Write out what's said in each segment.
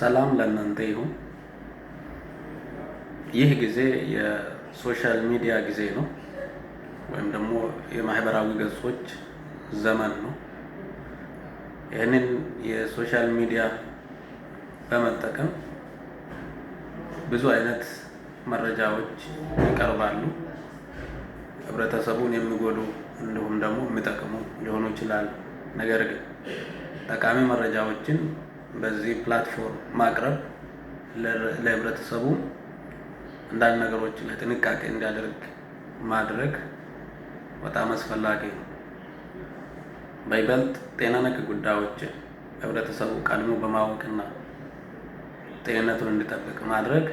ሰላም ለእናንተ ይሁን። ይህ ጊዜ የሶሻል ሚዲያ ጊዜ ነው፣ ወይም ደግሞ የማህበራዊ ገጾች ዘመን ነው። ይህንን የሶሻል ሚዲያ በመጠቀም ብዙ አይነት መረጃዎች ይቀርባሉ። ህብረተሰቡን የሚጎዱ እንዲሁም ደግሞ የሚጠቅሙ ሊሆኑ ይችላል። ነገር ግን ጠቃሚ መረጃዎችን በዚህ ፕላትፎርም ማቅረብ ለህብረተሰቡ አንዳንድ ነገሮች ለጥንቃቄ እንዲያደርግ ማድረግ በጣም አስፈላጊ ነው። በይበልጥ ጤና ነክ ጉዳዮች ህብረተሰቡ ቀድሞ በማወቅና ጤንነቱን እንዲጠብቅ ማድረግ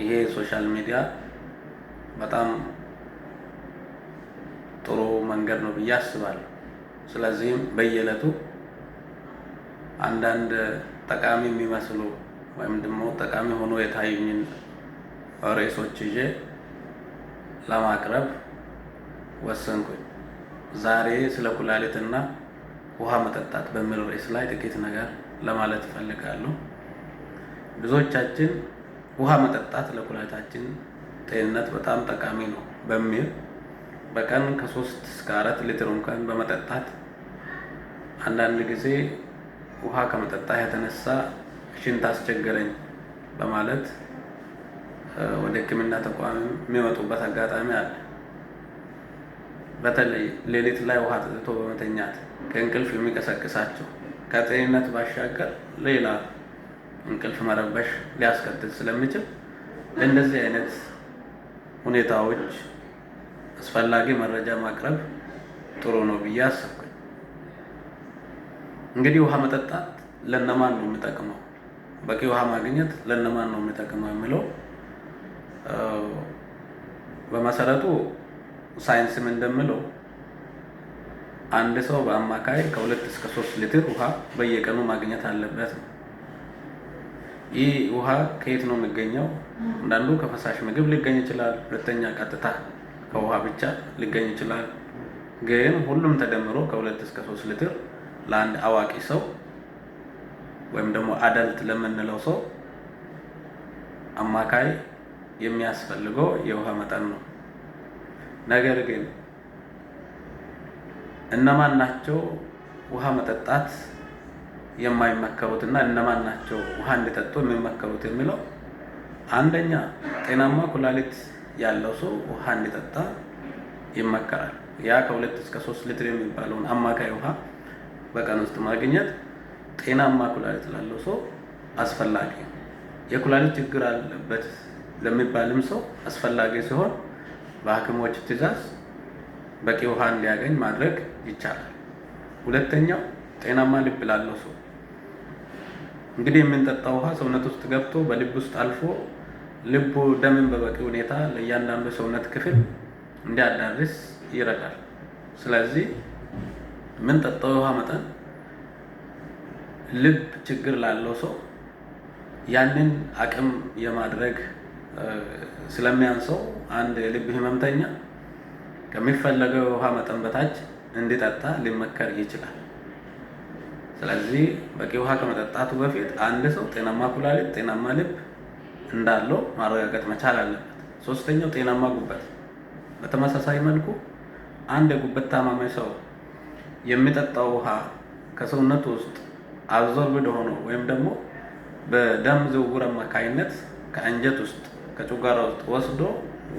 ይሄ ሶሻል ሚዲያ በጣም ጥሩ መንገድ ነው ብዬ አስባለሁ። ስለዚህም በየዕለቱ አንዳንድ ጠቃሚ የሚመስሉ ወይም ደግሞ ጠቃሚ ሆኖ የታዩኝን ርዕሶች ይዤ ለማቅረብ ወሰንኩኝ። ዛሬ ስለ ኩላሊትና ውሃ መጠጣት በሚል ርዕስ ላይ ጥቂት ነገር ለማለት እፈልጋለሁ። ብዙዎቻችን ውሃ መጠጣት ለኩላሊታችን ጤንነት በጣም ጠቃሚ ነው በሚል በቀን ከሶስት እስከ አራት ሊትር እንኳን በመጠጣት አንዳንድ ጊዜ ውሃ ከመጠጣህ የተነሳ ሽንት አስቸገረኝ በማለት ወደ ሕክምና ተቋም የሚመጡበት አጋጣሚ አለ። በተለይ ሌሊት ላይ ውሃ ጠጥቶ በመተኛት ከእንቅልፍ የሚቀሰቅሳቸው ከጤንነት ባሻገር ሌላ እንቅልፍ መረበሽ ሊያስከትል ስለሚችል ለእንደዚህ አይነት ሁኔታዎች አስፈላጊ መረጃ ማቅረብ ጥሩ ነው ብዬ አስብኩ። እንግዲህ ውሃ መጠጣት ለነማን ነው የሚጠቅመው፣ በቂ ውሃ ማግኘት ለነማን ነው የሚጠቅመው የሚለው በመሰረቱ ሳይንስም እንደምለው አንድ ሰው በአማካይ ከሁለት እስከ ሶስት ሊትር ውሃ በየቀኑ ማግኘት አለበት ነው። ይህ ውሃ ከየት ነው የሚገኘው? አንዳንዱ ከፈሳሽ ምግብ ሊገኝ ይችላል። ሁለተኛ ቀጥታ ከውሃ ብቻ ሊገኝ ይችላል። ግን ሁሉም ተደምሮ ከሁለት እስከ ሶስት ሊትር ለአንድ አዋቂ ሰው ወይም ደግሞ አደልት ለምንለው ሰው አማካይ የሚያስፈልገው የውሃ መጠን ነው። ነገር ግን እነማን ናቸው ውሃ መጠጣት የማይመከሩት እና እነማን ናቸው ውሃ እንዲጠጡ የሚመከሩት የሚለው አንደኛ ጤናማ ኩላሊት ያለው ሰው ውሃ እንዲጠጣ ይመከራል። ያ ከሁለት እስከ ሶስት ሊትር የሚባለውን አማካይ ውሃ በቀን ውስጥ ማግኘት ጤናማ ኩላሊት ላለው ሰው አስፈላጊ ነው። የኩላሊት ችግር አለበት ለሚባልም ሰው አስፈላጊ ሲሆን በሐኪሞች ትዕዛዝ በቂ ውሃ እንዲያገኝ ማድረግ ይቻላል። ሁለተኛው ጤናማ ልብ ላለው ሰው እንግዲህ የምንጠጣው ውሃ ሰውነት ውስጥ ገብቶ በልብ ውስጥ አልፎ ልቡ ደምን በበቂ ሁኔታ ለእያንዳንዱ ሰውነት ክፍል እንዲያዳርስ ይረዳል። ስለዚህ የምንጠጣው የውሃ መጠን ልብ ችግር ላለው ሰው ያንን አቅም የማድረግ ስለሚያንሰው አንድ የልብ ህመምተኛ ከሚፈለገው የውሃ መጠን በታች እንዲጠጣ ሊመከር ይችላል። ስለዚህ በቂ ውሃ ከመጠጣቱ በፊት አንድ ሰው ጤናማ ኩላሊት፣ ጤናማ ልብ እንዳለው ማረጋገጥ መቻል አለበት። ሶስተኛው ጤናማ ጉበት። በተመሳሳይ መልኩ አንድ የጉበት ታማሚ ሰው የሚጠጣው ውሃ ከሰውነት ውስጥ አብዞርብድ ሆኖ ወይም ደግሞ በደም ዝውውር አማካይነት ከአንጀት ውስጥ ከጨጓራ ውስጥ ወስዶ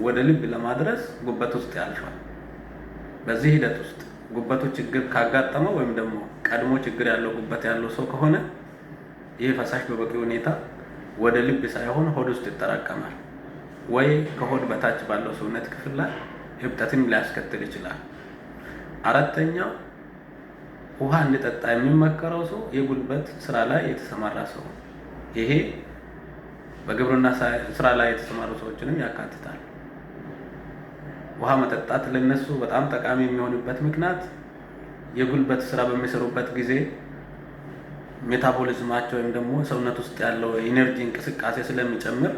ወደ ልብ ለማድረስ ጉበት ውስጥ ያልፋል። በዚህ ሂደት ውስጥ ጉበቱ ችግር ካጋጠመው ወይም ደግሞ ቀድሞ ችግር ያለው ጉበት ያለው ሰው ከሆነ ይህ ፈሳሽ በበቂ ሁኔታ ወደ ልብ ሳይሆን ሆድ ውስጥ ይጠራቀማል፣ ወይ ከሆድ በታች ባለው ሰውነት ክፍል ላይ እብጠትን ሊያስከትል ይችላል። አራተኛው ውሃ እንዲጠጣ የሚመከረው ሰው የጉልበት ስራ ላይ የተሰማራ ሰው ይሄ በግብርና ስራ ላይ የተሰማሩ ሰዎችንም ያካትታል። ውሃ መጠጣት ለነሱ በጣም ጠቃሚ የሚሆንበት ምክንያት የጉልበት ስራ በሚሰሩበት ጊዜ ሜታቦሊዝማቸው ወይም ደግሞ ሰውነት ውስጥ ያለው የኢነርጂ እንቅስቃሴ ስለሚጨምር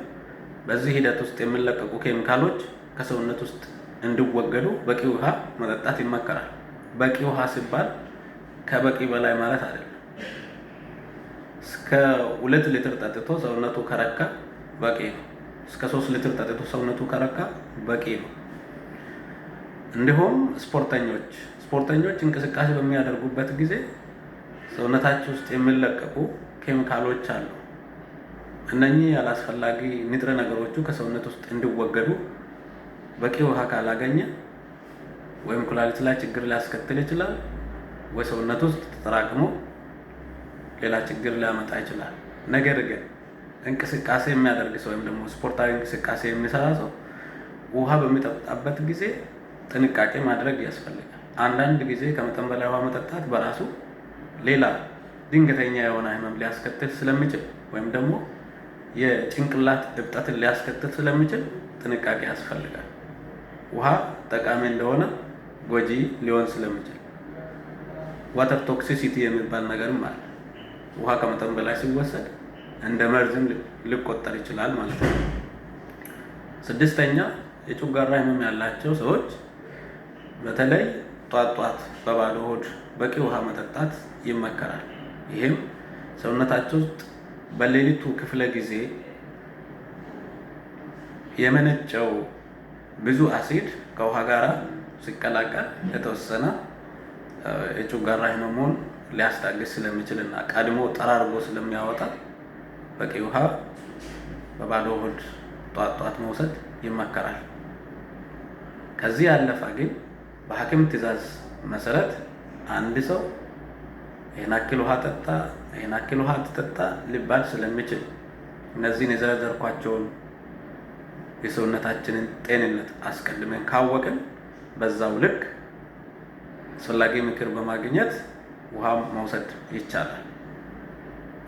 በዚህ ሂደት ውስጥ የሚለቀቁ ኬሚካሎች ከሰውነት ውስጥ እንዲወገዱ በቂ ውሃ መጠጣት ይመከራል። በቂ ውሃ ሲባል ከበቂ በላይ ማለት አይደለም። እስከ ሁለት ሊትር ጠጥቶ ሰውነቱ ከረካ በቂ ነው። እስከ ሶስት ሊትር ጠጥቶ ሰውነቱ ከረካ በቂ ነው። እንዲሁም ስፖርተኞች ስፖርተኞች እንቅስቃሴ በሚያደርጉበት ጊዜ ሰውነታቸው ውስጥ የሚለቀቁ ኬሚካሎች አሉ። እነኚህ ያላስፈላጊ ንጥረ ነገሮቹ ከሰውነት ውስጥ እንዲወገዱ በቂ ውሃ ካላገኘ ወይም ኩላሊት ላይ ችግር ሊያስከትል ይችላል። ወሰውነት ውስጥ ተጠራቅሞ ሌላ ችግር ሊያመጣ ይችላል። ነገር ግን እንቅስቃሴ የሚያደርግ ሰው ወይም ደግሞ ስፖርታዊ እንቅስቃሴ የሚሰራ ሰው ውሃ በሚጠጣበት ጊዜ ጥንቃቄ ማድረግ ያስፈልጋል። አንዳንድ ጊዜ ከመጠን በላይ ውሃ መጠጣት በራሱ ሌላ ድንገተኛ የሆነ ህመም ሊያስከትል ስለሚችል ወይም ደግሞ የጭንቅላት እብጠትን ሊያስከትል ስለሚችል ጥንቃቄ ያስፈልጋል። ውሃ ጠቃሚ እንደሆነ ጎጂ ሊሆን ስለሚችል ዋተር ቶክሲሲቲ የሚባል ነገርም አለ። ውሃ ከመጠን በላይ ሲወሰድ እንደ መርዝም ሊቆጠር ይችላል ማለት ነው። ስድስተኛ የጨጓራ ህመም ያላቸው ሰዎች በተለይ ጧት ጧት በባዶ ሆድ በቂ ውሃ መጠጣት ይመከራል። ይህም ሰውነታቸው ውስጥ በሌሊቱ ክፍለ ጊዜ የመነጨው ብዙ አሲድ ከውሃ ጋር ሲቀላቀል የተወሰነ የጨጓራ ህመሙን ሊያስታግስ ስለሚችልና ቀድሞ ጠራርጎ ስለሚያወጣ በቂ ውሃ በባዶ ሆድ ጧት ጧት መውሰድ ይመከራል። ከዚህ ያለፈ ግን በሐኪም ትዕዛዝ መሰረት አንድ ሰው ይህን አክል ውሃ ጠጣ፣ ይህን አክል ውሃ ትጠጣ ሊባል ስለሚችል እነዚህን የዘረዘርኳቸውን የሰውነታችንን ጤንነት አስቀድመን ካወቅን በዛው ልክ አስፈላጊ ምክር በማግኘት ውሃ መውሰድ ይቻላል።